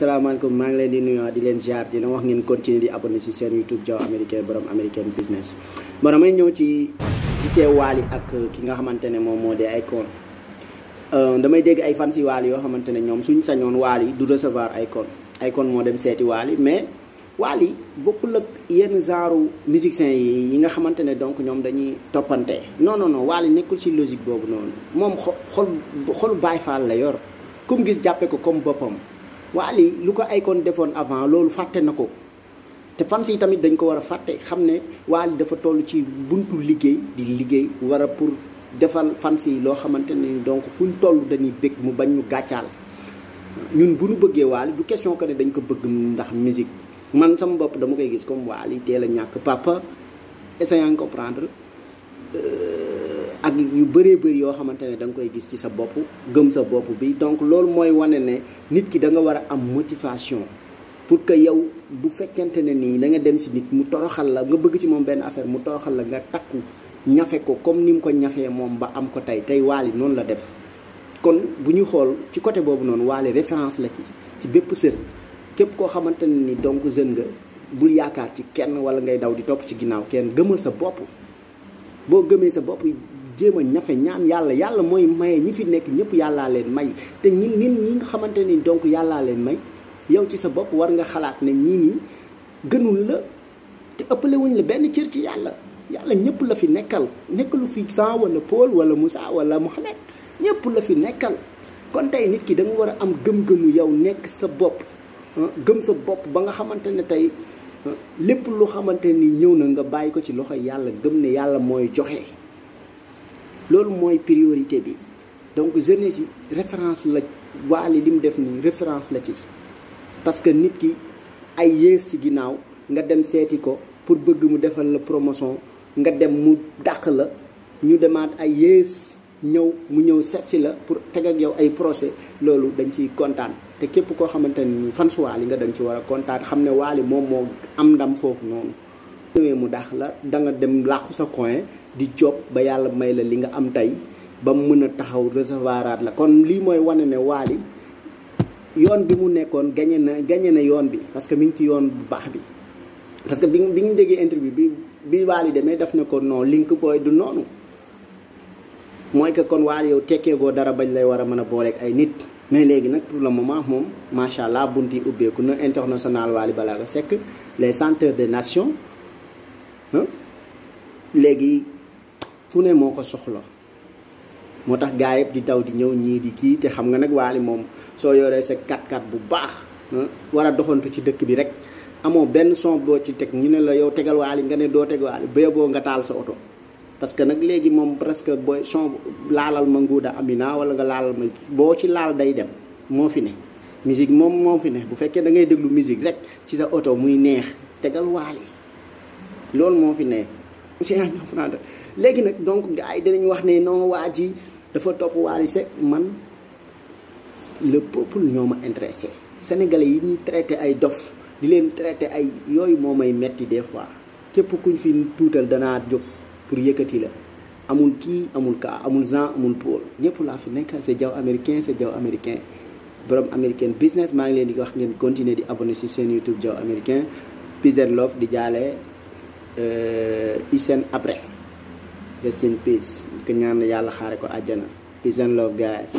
salaamaaleykum maa ngi leen di nuyu di leen ziar dina wax ngeen continuer di abonné ci seen YouTube Diaw américain borom américain business. man may ñëw ci gisee Wally ak ki nga xamante ne moom moo dee ay kon euh, damay dégg ay fan si Wally yoo xamante ne ñoom suñ sañoon Wally du recevoir ay kon ay kon moo dem seeti Wally mais Wally bokkul ak yenn genre musiciens yi yi nga xamante ne donc ñoom dañuy toppante non non non Wally nekkul ci logique boobu noonu moom xol xol Baay Faal la yor comme gis jàppee ko comme boppam. Wally lu ko ay Akon defoon avant loolu fàtte na ko te fans yi tamit dañ ko war a fàtte xam ne Wally dafa tollu ci buntu liggéey di liggéey war pour defal fans yi loo xamante ne donc fu ñu toll dañuy bëgg mu bañ mu gàccaal ñun bu nu bëggee Wally du question que ne dañ ko bëgg ndax musique man sama bopp dama koy gis comme Wally teel la ñàkk papa essayant comprendre euh, ak yu bëré bëri yo xamantene dang koy gis ci sa bop gëm sa bop bi donc lool moy wane né nit ki da nga wara am motivation pour que yow bu fekkente ne da nga dem ci nit mu toroxal la nga bëgg ci mom ben affaire mu toroxal la nga takku ñafé ko comme nim ko ñafé mom ba am ko tay tay wali non la def kon bu ñu xool ci côté bobu non wali référence la ci ci bépp sëñ képp ko xamantene ni donc jeune nga bul yaakar ci kenn wala ngay daw di top ci ginnaw kenn gëmal sa bop bo gëmé sa bop jéem ñafe ñaan yàlla yàlla mooy maye ñi fi nekk ñëpp yàllaa leen may te ñi nit ñi nga xamante ni donc yàllaa leen may yow ci sa bopp war nga xalaat ne ñii nii gënul la te ëppale la benn cër ci yàlla yàlla ñëpp la fi nekkal nekkalu fi Jean wala Paul wala Moussa wala Mohamed ñëpp la fi nekkal kon tey nit ki da war a am gëm-gëmu yow nekk sa bopp ah, gëm sa bopp ba nga xamante ne tey ah, lépp lu xamante ni ñëw na nga bàyyi ko ci loxo yàlla gëm ne yàlla mooy joxe. loolu mooy priorité bi donc jeunesse yi référence la waali li mu def nii référence la ci parce que nit ki ay yées ci ginnaaw nga dem seeti ko pour bëgg mu defal la promotion nga dem mu dàq la ñu demaat ay yées ñëw mu ñëw setsi la pour teg ak yow ay procès loolu dañ ciy kontaan te képp koo xamante ni fan su waali nga dem ci war kontaan xam ne waali moom moo am ndam foofu noonu ñëwee mu dàq la danga dem làqu sa coin di job ba yàlla may la li nga am tey ba mu mën a taxaw recevoiraat la kon lii mooy wane ne Wally yoon bi mu nekkoon gañe na gañe na yoon bi parce que mi ngi ci yoon bu baax bi parce que bi bi ñu déggee interview bi bi Wally demee daf ne ko non link booy du noonu mooy que kon Wally yow tekkeegoo dara bañ lay war a mën a booleek ay nit mais léegi nag pour le moment moom macha allah bunt yi ubbeeku na international Wally Ballago Seck les chanteurs des nations fu ne moo ko soxla moo tax di daw di ñew ñi di ki te xam nga nak waali mom so yoree ce 4 4 bu baax wara doxontu ci dekk bi rek amo ben son bo ci tek ñu ne la yow tegal wali nga ne doo tegal wali ba bo nga taal sa auto parce que nak léegi mom presque booy son laalal ma nguuda amina wala nga laal ma bo ci laal day dem mo fi ne musique mom mo fi ne bu fekke da ngay deglu musique rek ci sa auto muy neex tegal wali lool mo fi ne si yaa léegi nag donc gars yi dinañ wax ne non waa ji dafa topp Wally Seck man le peuple ñoo ma intéressé sénégalais yi ñuy traité ay dof di leen traité ay yooyu moo ay metti des fois képp kuñ fi tuutal danaa jóg pour yëkkati la amul kii amul kaa amul Jean amul Paul ñëpp laa fi nekkal c'est jaw américain c'est jaw américain borom américain business maa ngi leen di wax ngeen continuer di abonné si seen YouTube jaw américain peace and love di jaalee Eh, Hissène Habré rest in peace ñu ko ñaan yàlla xaare ko àjjana peace and love guys